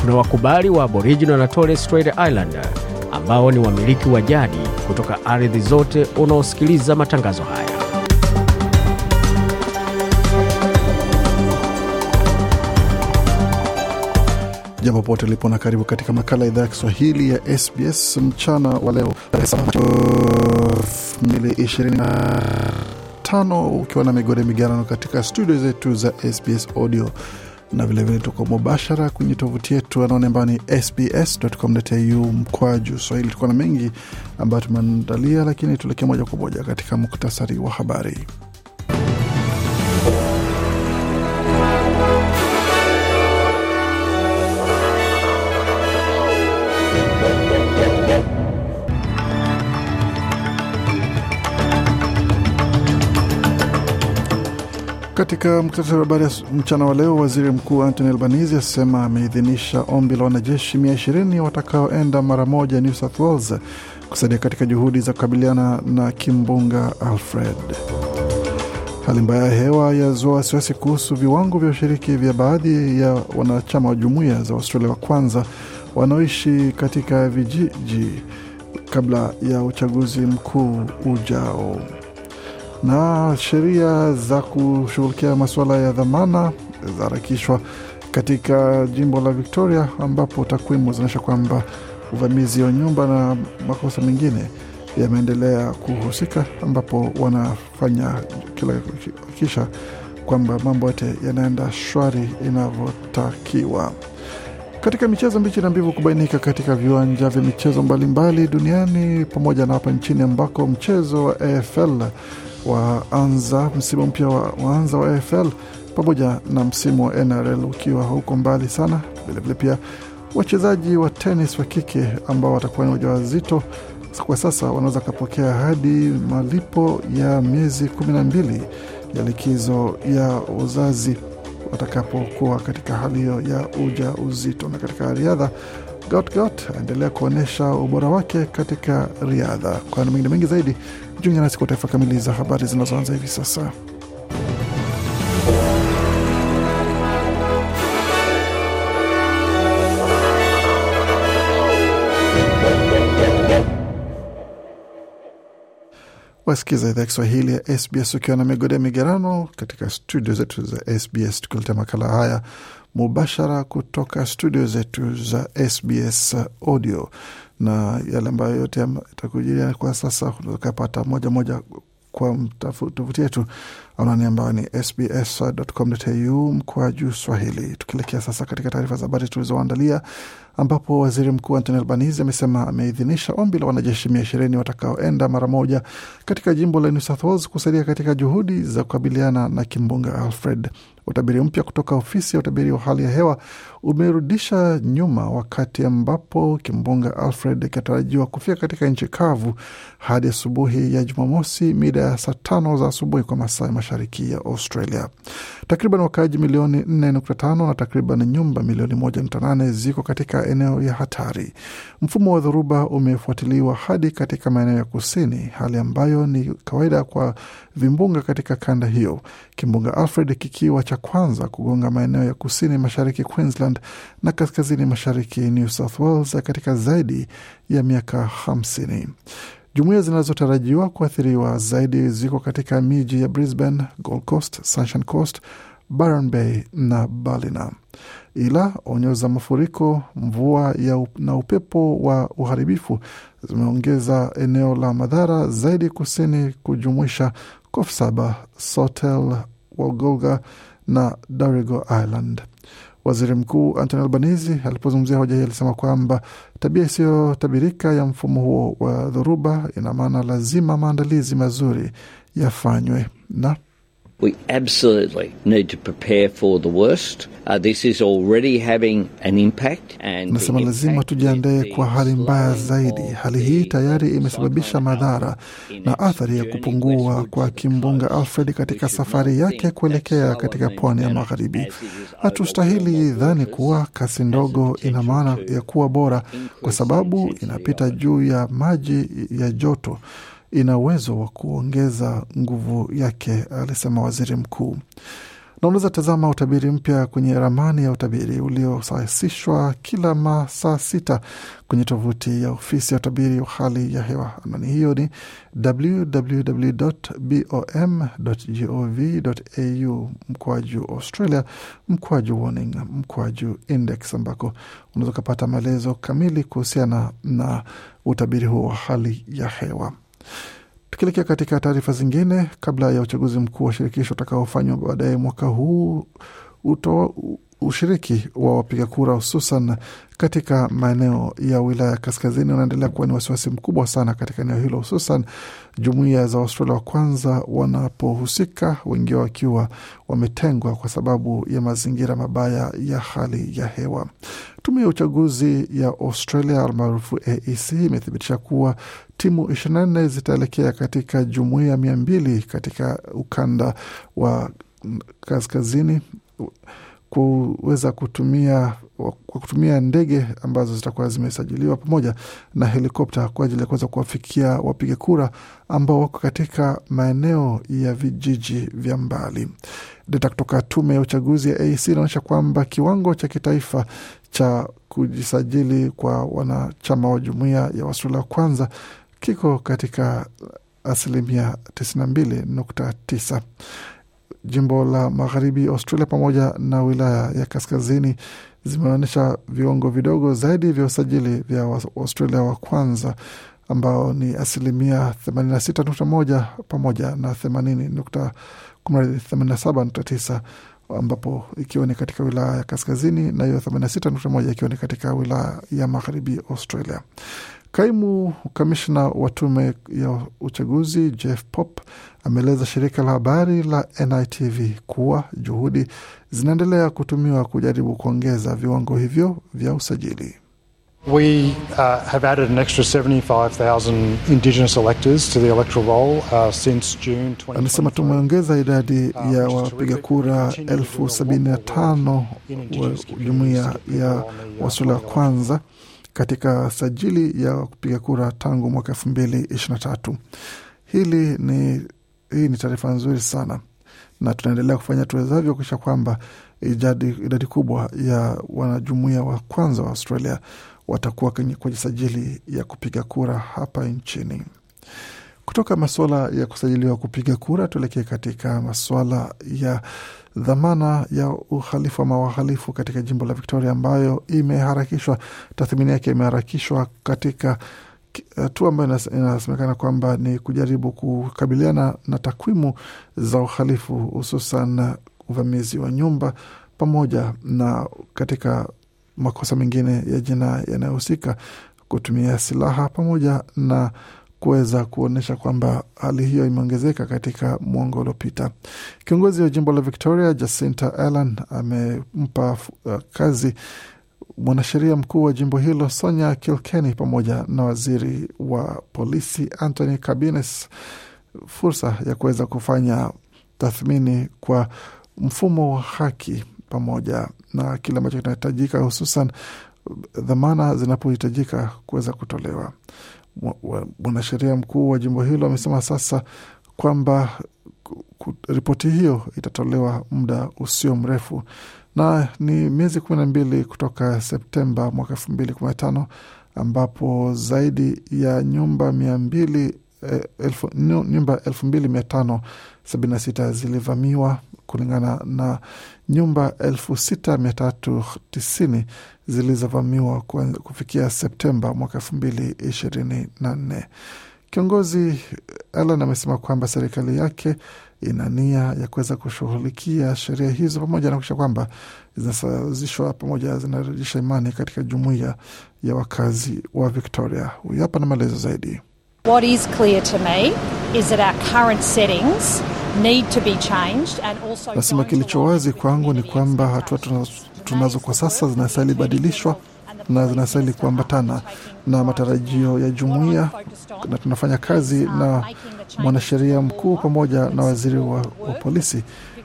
kuna wakubali wa Aboriginal na Torres Strait Islander ambao ni wamiliki wa jadi kutoka ardhi zote unaosikiliza matangazo haya. Jambo pote ulipo na karibu katika makala ya idhaa ya Kiswahili ya SBS mchana wa leo 2025 ukiwa na migode migarano katika studio zetu za SBS Audio na vilevile tuko mubashara kwenye tovuti yetu anaone ambayo ni sbs.com.au mkwaju swahili. Tuko na mengi ambayo tumeandalia, lakini tuelekee moja kwa moja katika muktasari wa habari. Katika muktasari wa habari mchana wa leo, waziri mkuu Anthony Albanese asema ameidhinisha ombi la wanajeshi mia ishirini watakaoenda mara moja New South Wales kusaidia katika juhudi za kukabiliana na kimbunga Alfred. Hali mbaya ya hewa yazua wasiwasi kuhusu viwango vya ushiriki vya baadhi ya wanachama wa jumuiya za Australia wa kwanza wanaoishi katika vijiji kabla ya uchaguzi mkuu ujao na sheria za kushughulikia masuala ya dhamana zaharakishwa katika jimbo la Victoria, ambapo takwimu zinaonyesha kwamba uvamizi wa nyumba na makosa mengine yameendelea kuhusika, ambapo wanafanya kila kisha kwamba mambo yote yanaenda shwari inavyotakiwa. Katika michezo, mbichi na mbivu kubainika katika viwanja vya michezo mbalimbali mbali duniani pamoja na hapa nchini ambako mchezo wa AFL waanza msimu mpya wa, waanza wa AFL pamoja na msimu wa NRL ukiwa huko mbali sana. Vilevile pia wachezaji wa tenis wa kike ambao watakuwa ni wajawazito kwa sasa wanaweza kupokea hadi malipo ya miezi 12 ya likizo ya uzazi watakapokuwa katika hali hiyo ya uja uzito. Na katika riadha Gotgot aendelea kuonyesha ubora wake katika riadha. Kwa mengine mengi zaidi, jiunge nasi kwa taarifa kamili za habari zinazoanza hivi sasa. Wasikiza idhaa Kiswahili ya SBS ukiwa na migodia migerano katika studio zetu za SBS, tukiletea makala haya mubashara kutoka studio zetu za SBS audio na yale ambayo yote yatakujiria kwa sasa utakapata moja moja kwa tovuti yetu anani ambayo ni sbs.com.au mkwa juu Swahili. Tukielekea sasa katika taarifa za habari tulizoandalia, ambapo waziri mkuu Anthony Albanese amesema ameidhinisha ombi la wanajeshi mia ishirini watakaoenda mara moja katika jimbo la New South Wales kusaidia katika juhudi za kukabiliana na kimbunga Alfred. Utabiri mpya kutoka ofisi ya utabiri wa hali ya hewa umerudisha nyuma wakati ambapo kimbunga Alfred kinatarajiwa kufika katika nchi kavu hadi asubuhi ya Jumamosi mida ya saa tano za asubuhi kwa masaa mashariki ya Australia. Takriban wakaaji milioni 4.5 na takriban nyumba milioni 1.8 ziko katika eneo ya hatari. Mfumo wa dhoruba umefuatiliwa hadi katika maeneo ya kusini, hali ambayo ni kawaida kwa vimbunga katika kanda hiyo, kimbunga Alfred kikiwa cha cha kwanza kugonga maeneo ya kusini mashariki Queensland na kaskazini mashariki New South Wales katika zaidi ya miaka hamsini Jumuiya zinazotarajiwa kuathiriwa zaidi ziko katika miji ya Brisbane, Gold Coast, Sunshine Coast, Byron Bay na Ballina, ila onyo za mafuriko, mvua ya na upepo wa uharibifu zimeongeza eneo la madhara zaidi kusini, kujumuisha Coffs Harbour, Sotel, Wagoga, na Dorigo Island. Waziri Mkuu antoni Albanese alipozungumzia hoja hii alisema kwamba tabia isiyotabirika ya mfumo huo wa dhoruba ina maana lazima maandalizi mazuri yafanywe na We absolutely need to prepare for the worst. Uh, this is already having an impact and nasema lazima tujiandae kwa hali mbaya zaidi. Hali hii tayari imesababisha madhara na athari ya kupungua kwa kimbunga Alfred katika safari yake kuelekea katika pwani ya magharibi. Hatustahili dhani kuwa kasi ndogo ina maana ya kuwa bora, kwa sababu inapita juu ya maji ya joto ina uwezo wa kuongeza nguvu yake, alisema waziri mkuu. Na unaweza tazama utabiri mpya kwenye ramani ya utabiri uliosasishwa kila masaa sita kwenye tovuti ya ofisi ya utabiri wa hali ya hewa. anani. hiyo ni www.bom.gov.au mkwaju Australia mkwaju warning mkwaju index, ambako unaweza ukapata maelezo kamili kuhusiana na utabiri huo wa hali ya hewa. Tukielekea katika taarifa zingine, kabla ya uchaguzi mkuu wa shirikisho utakaofanywa baadaye mwaka huu utoa ushiriki wa wapiga kura hususan katika maeneo ya wilaya kaskazini unaendelea kuwa ni wasiwasi mkubwa sana katika eneo hilo, hususan jumuiya za Waustralia wa kwanza wanapohusika, wengi wao wakiwa wametengwa kwa sababu ya mazingira mabaya ya hali ya hewa. Tume ya uchaguzi ya Australia almaarufu AEC imethibitisha kuwa timu 24 zitaelekea katika jumuiya mia mbili katika ukanda wa kaskazini kuweza kutumia kwa kutumia ndege ambazo zitakuwa zimesajiliwa pamoja na helikopta kwa ajili ya kuweza kuwafikia wapiga kura ambao wako katika maeneo ya vijiji vya mbali. Data kutoka tume ya uchaguzi ya ac inaonyesha kwamba kiwango cha kitaifa cha kujisajili kwa wanachama wa jumuiya ya wa kwanza kiko katika asilimia 92.9. Jimbo la magharibi Australia pamoja na wilaya ya kaskazini zimeonyesha viwango vidogo zaidi vya usajili vya Australia wa kwanza ambao ni asilimia 86.1 pamoja na 87.9 ambapo ikiwa ni katika wilaya ya kaskazini na hiyo 86.1 ikiwa ni katika wilaya ya magharibi Australia. Kaimu kamishna wa tume ya uchaguzi Jeff Pop ameeleza shirika la habari la NITV kuwa juhudi zinaendelea kutumiwa kujaribu kuongeza viwango hivyo vya usajili. We uh, have added an extra 75,000 Indigenous electors to the electoral roll uh, since June Anasema tumeongeza idadi uh, ya wapiga kura elfu sabini na tano wa jumuiya ya wasula kwanza katika sajili ya kupiga kura tangu mwaka elfu mbili ishirini na tatu. Hili ni, hii ni taarifa nzuri sana na tunaendelea kufanya tuwezavyo kuisha kwamba idadi kubwa ya wanajumuia wa kwanza wa Australia watakuwa kwenye sajili ya kupiga kura hapa nchini. Kutoka masuala ya kusajiliwa kupiga kura, tuelekee katika masuala ya dhamana ya uhalifu ama wahalifu katika jimbo la Victoria ambayo imeharakishwa, tathmini yake imeharakishwa katika hatua ambayo inasemekana kwamba ni kujaribu kukabiliana na takwimu za uhalifu, hususan uvamizi wa nyumba pamoja na katika makosa mengine ya jinai yanayohusika kutumia silaha pamoja na kuweza kuonyesha kwamba hali hiyo imeongezeka katika mwongo uliopita. Kiongozi wa jimbo la Victoria Jacinta Allan amempa uh, kazi mwanasheria mkuu wa jimbo hilo Sonya Kilkenny pamoja na waziri wa polisi Anthony Cabines fursa ya kuweza kufanya tathmini kwa mfumo wa haki pamoja na kile ambacho kinahitajika, hususan dhamana zinapohitajika kuweza kutolewa. Mwanasheria mkuu wa jimbo hilo amesema sasa kwamba ripoti hiyo itatolewa muda usio mrefu, na ni miezi kumi na mbili kutoka Septemba mwaka elfu mbili kumi na tano ambapo zaidi ya nyumba mia mbili eh, elfu, nyumba elfu mbili mia tano sabini na sita zilivamiwa kulingana na nyumba elfu sita mia tatu tisini zilizovamiwa kufikia Septemba mwaka elfu mbili ishirini na nne. Kiongozi Alan amesema kwamba serikali yake ina nia ya kuweza kushughulikia sheria hizo pamoja na kuisha kwamba zinasawazishwa pamoja zinarejesha imani katika jumuiya ya wakazi wa Victoria. Huyu hapa na maelezo zaidi. What is clear to me is that our current settings Nasema kilicho wazi kwangu ni kwamba hatua tunazo kwa sasa zinastahili badilishwa na zinastahili kuambatana na matarajio ya jumuiya, na tunafanya kazi uh, na mwanasheria mkuu pamoja na waziri wa, wa polisi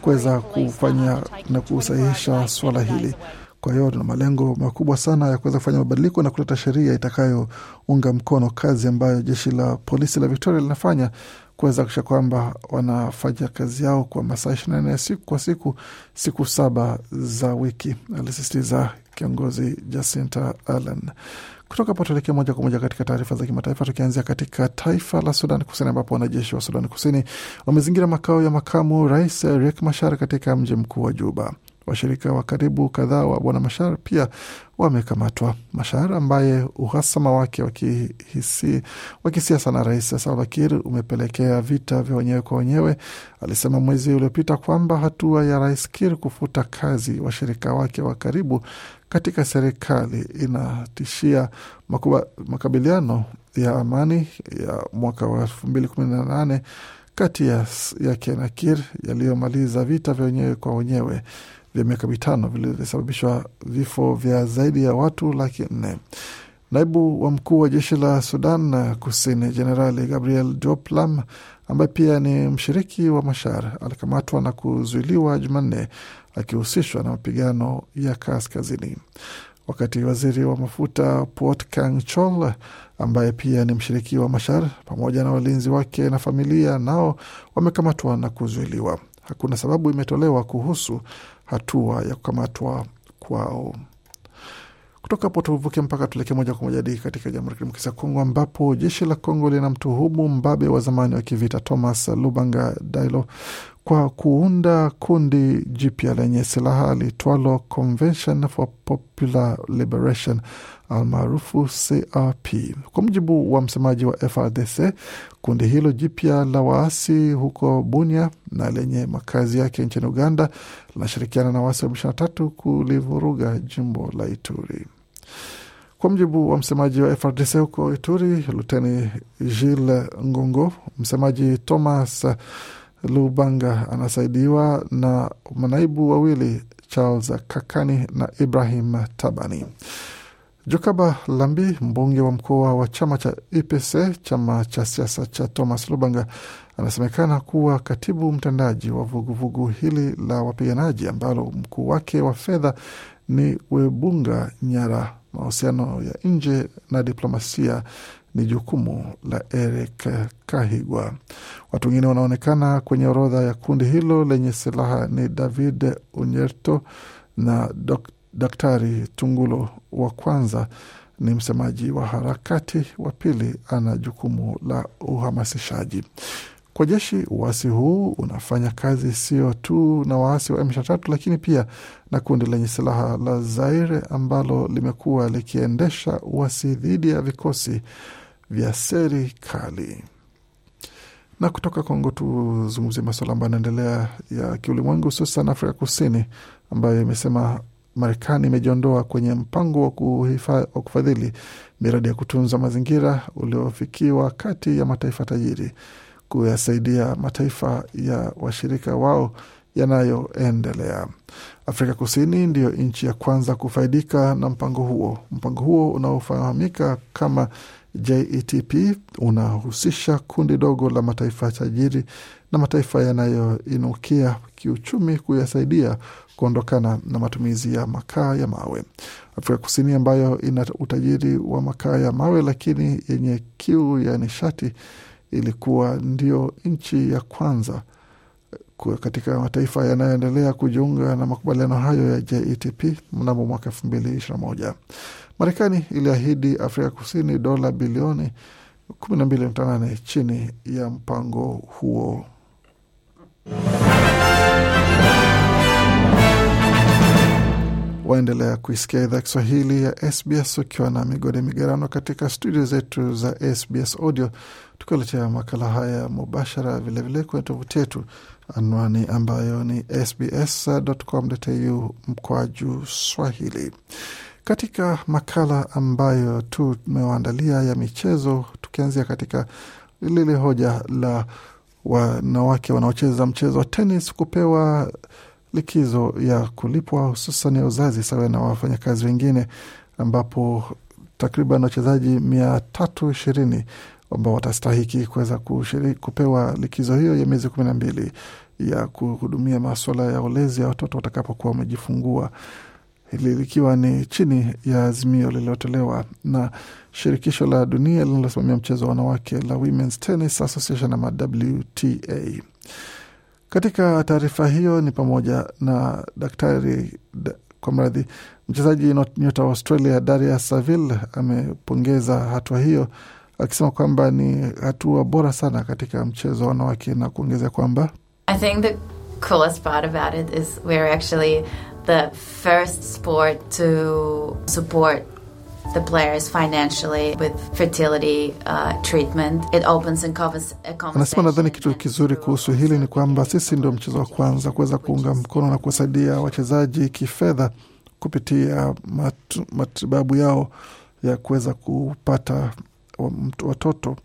kuweza kufanya na kusahihisha suala hili. Kwa hiyo tuna malengo makubwa sana ya kuweza kufanya mabadiliko na kuleta sheria itakayounga mkono kazi ambayo jeshi la polisi la Victoria linafanya kuweza kisha kwamba wanafanya kazi yao kwa masaa ishirini na nne siku kwa siku, siku saba za wiki, alisisitiza kiongozi Jacinta Allen. Kutoka hapo tuelekee moja kwa moja katika taarifa za kimataifa, tukianzia katika taifa la Sudan Kusini ambapo wanajeshi wa Sudan Kusini wamezingira makao ya makamu rais Riek mashar katika mji mkuu wa Juba. Washirika wa karibu kadhaa wa bwana Mashar pia wamekamatwa. Mashar ambaye uhasama wake wa kisiasa na rais Salva Kiir umepelekea vita vya wenyewe kwa wenyewe, alisema mwezi uliopita kwamba hatua ya rais Kiir kufuta kazi washirika wake wa karibu katika serikali inatishia makuba, makabiliano ya amani ya mwaka wa elfu mbili kumi na nane kati yake na Kiir yaliyomaliza vita vya wenyewe kwa wenyewe vya miaka mitano vilivyosababishwa vifo vya zaidi ya watu laki nne. Naibu wa mkuu wa jeshi la Sudan Kusini, Jenerali Gabriel Joplam, ambaye pia ni mshiriki wa Mashar, alikamatwa na kuzuiliwa Jumanne akihusishwa na mapigano ya kaskazini, wakati waziri wa mafuta Port Kang Chol, ambaye pia ni mshiriki wa Mashar, pamoja na walinzi wake na familia, nao wamekamatwa na kuzuiliwa. Hakuna sababu imetolewa kuhusu hatua ya kukamatwa kwao. Kutoka hapo tuvuke mpaka tuelekee moja kwa moja hadi katika Jamhuri ya Kidemokrasia ya Kongo, ambapo jeshi la Kongo linamtuhumu mbabe wa zamani wa kivita Thomas Lubanga Dailo kwa kuunda kundi jipya lenye silaha litwalo Convention for Popular Liberation almaarufu CRP. Kwa mujibu wa msemaji wa FRDC, kundi hilo jipya la waasi huko Bunia na lenye makazi yake nchini Uganda linashirikiana na waasi wa M23 kulivuruga jimbo la Ituri. Kwa mjibu wa msemaji wa FRDC huko Ituri, Luteni Gilles Ngongo, msemaji Thomas Lubanga anasaidiwa na manaibu wawili Charles Kakani na Ibrahim Tabani. Jokaba Lambi, mbunge wa mkoa wa chama cha UPC, chama cha siasa cha Thomas Lubanga, anasemekana kuwa katibu mtendaji wa vuguvugu vugu hili la wapiganaji ambalo mkuu wake wa fedha ni Webunga Nyara. Mahusiano ya nje na diplomasia ni jukumu la Eric Kahigwa. Watu wengine wanaonekana kwenye orodha ya kundi hilo lenye silaha ni David Unyerto na Dok Daktari Tungulo wa kwanza ni msemaji wa harakati, wa pili ana jukumu la uhamasishaji. Kwa jeshi, uasi huu unafanya kazi sio tu na waasi wa M23 lakini pia na kundi lenye silaha la Zaire ambalo limekuwa likiendesha uasi dhidi ya vikosi vya serikali. Na kutoka Kongo tuzungumzie masuala ambayo yanaendelea ya kiulimwengu, hususan Afrika Kusini ambayo imesema Marekani imejiondoa kwenye mpango wa kufadhili miradi ya kutunza mazingira uliofikiwa kati ya mataifa tajiri kuyasaidia mataifa ya washirika wao yanayoendelea. Afrika Kusini ndiyo nchi ya kwanza kufaidika na mpango huo. Mpango huo unaofahamika kama JETP unahusisha kundi dogo la mataifa tajiri na mataifa yanayoinukia kiuchumi kuyasaidia kuondokana na matumizi ya makaa ya mawe. Afrika Kusini ambayo ina utajiri wa makaa ya mawe lakini yenye kiu ya nishati ilikuwa ndio nchi ya kwanza katika mataifa yanayoendelea kujiunga na makubaliano hayo ya JETP mnamo mwaka elfu mbili ishirini na moja. Marekani iliahidi Afrika Kusini dola bilioni 12.8 chini ya mpango huo. Waendelea kuisikia idhaa Kiswahili ya SBS ukiwa na migode migerano katika studio zetu za SBS Audio, tukiletea makala haya mubashara, vilevile kwenye tovuti yetu, anwani ambayo ni sbs.com.au mkwaju swahili. Katika makala ambayo tumewaandalia ya michezo, tukianzia katika lile hoja la wanawake wanaocheza mchezo wa tenis kupewa likizo ya kulipwa hususan ya uzazi sawa na wafanyakazi wengine, ambapo takriban wachezaji mia tatu ishirini ambao watastahiki kuweza kupewa likizo hiyo ya miezi kumi na mbili ya kuhudumia maswala ya ulezi ya watoto watakapokuwa wamejifungua, hili likiwa ni chini ya azimio lililotolewa na shirikisho la dunia linalosimamia mchezo wa wanawake la Women's Tennis Association ama WTA. Katika taarifa hiyo ni pamoja na daktari da, kwa mradhi mchezaji nyota wa Australia Daria Saville amepongeza hatua hiyo akisema kwamba ni hatua bora sana katika mchezo wa wanawake na kuongezea kwamba the the financially with fertility uh, treatment. It opens and covers a conversation. Anasema nadhani kitu kizuri kuhusu hili ni kwamba sisi ndio mchezo wa kwanza kuweza kuunga mkono na kuwasaidia wachezaji kifedha kupitia matu, matibabu yao ya kuweza kupata watoto.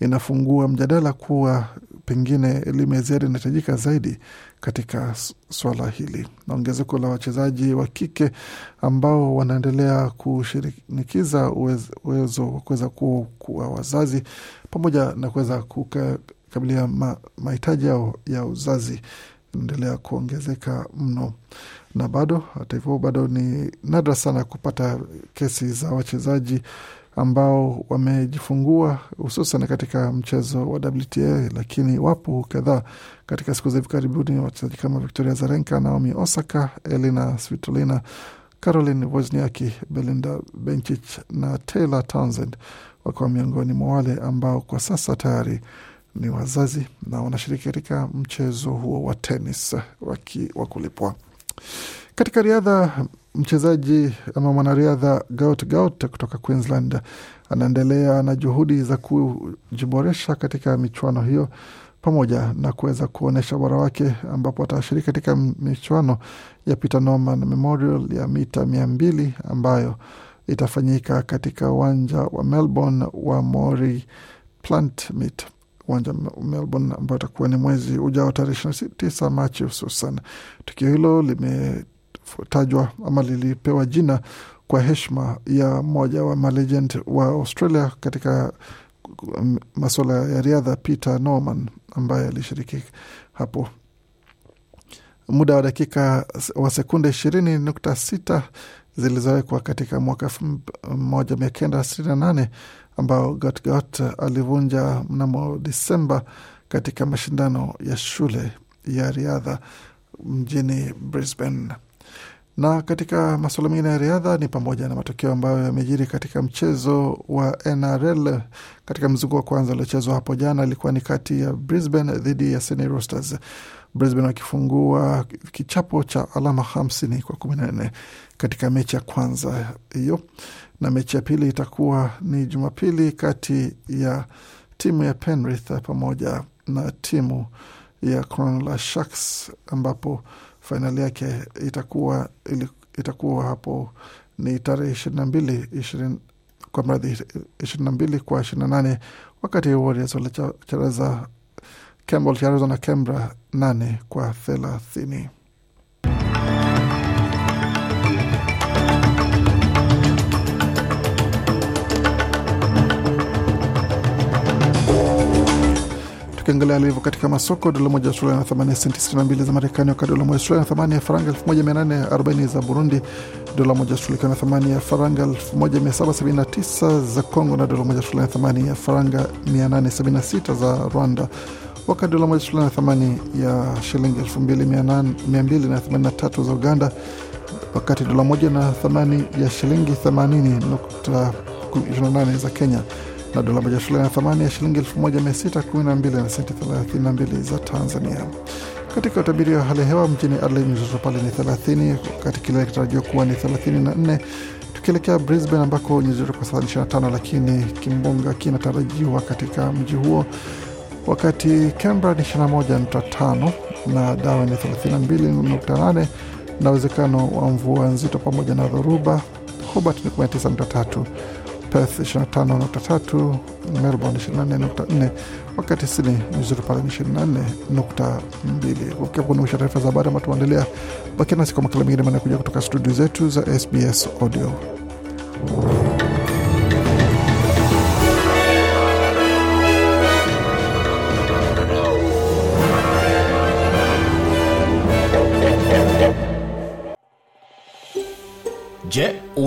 Inafungua mjadala kuwa pengine elimu ya ziada inahitajika zaidi katika swala hili, na ongezeko la wachezaji wa kike ambao wanaendelea kushinikiza uwezo wa kuweza kuwa wazazi pamoja na kuweza kukabilia mahitaji yao ya uzazi endelea kuongezeka mno, na bado hata hivyo, bado ni nadra sana kupata kesi za wachezaji ambao wamejifungua hususan katika mchezo wa WTA, lakini wapo kadhaa katika siku za hivi karibuni, wachezaji kama Victoria Zarenka, Naomi Osaka, Elina Svitolina, Caroline Wozniacki, Belinda Bencic na Taylor Townsend wakiwa miongoni mwa wale ambao kwa sasa tayari ni wazazi na wanashiriki katika mchezo huo wa tenis wa kulipwa. Katika riadha, mchezaji ama mwanariadha Gout Gout kutoka Queensland anaendelea na juhudi za kujiboresha katika michuano hiyo pamoja na kuweza kuonyesha ubora wake ambapo atashiriki katika michuano ya Peter Norman Memorial ya mita mia mbili ambayo itafanyika katika uwanja wa Melbourne wa Mori Plant Meet, uwanja wa Melbourne ambao utakuwa ni mwezi ujao tarehe 9 Machi. Hususan tukio hilo lime lilitajwa ama lilipewa jina kwa heshima ya mmoja wa malegend wa Australia katika um, masuala ya riadha, Peter Norman ambaye alishiriki hapo. Muda wa dakika wa sekunde ishirini nukta sita zilizowekwa katika mwaka elfu moja mia kenda sitini na nane ambao Gotgot alivunja mnamo Disemba katika mashindano ya shule ya riadha mjini Brisbane. Na katika masuala mengine ya riadha ni pamoja na matokeo ambayo yamejiri katika mchezo wa NRL katika mzunguko wa kwanza uliochezwa hapo jana, ilikuwa ni kati ya Brisbane dhidi ya Sydney Roosters, Brisbane wakifungua kichapo cha alama hamsini kwa kumi na nne katika mechi ya kwanza hiyo, na mechi ya pili itakuwa ni Jumapili kati ya timu ya Penrith pamoja na timu ya Cronulla Sharks ambapo fainali yake itakuwa, itakuwa hapo ni tarehe ishirini na mbili kwa mradhi ishirini na mbili kwa ishirini na nane wakati Warriors walicheza Campbell charaza na Canberra nane kwa thelathini. Tukiangalia alivyo katika masoko, dola moja ya Australia na thamani ya senti 62 za Marekani, wakati dola moja ya Australia na thamani ya faranga 1840 za Burundi, dola moja ya Australia ikiwa na thamani ya faranga 1779 za congo na dola moja ya Australia na thamani ya faranga 876 za Rwanda, wakati dola moja ya Australia na thamani ya shilingi 2283 za Uganda, wakati dola moja na thamani ya shilingi 80.28 za Kenya na dola moja shilingi na thamani ya shilingi 1612 na senti 32 za Tanzania. Katika utabiri wa hali ya hewa mjini Adelaide joto pale ni 30, wakati kilele kitarajiwa kuwa ni 34, tukielekea Brisbane ambako nyuzi joto kwa sasa ni 25, lakini kimbunga kinatarajiwa katika mji huo, wakati Canberra ni 21.5 na Darwin ni 32.8 na uwezekano wa mvua nzito pamoja na dhoruba. Hobart ni 19.3 Perth 25.3, Melbourne 24.4, wakati Sydney nzuri pale ni 24.2. Ukikunuisha taarifa za habari ambayo tunaendelea, bakia nasi kwa makala mengine manakuja kutoka studio zetu za SBS Audio.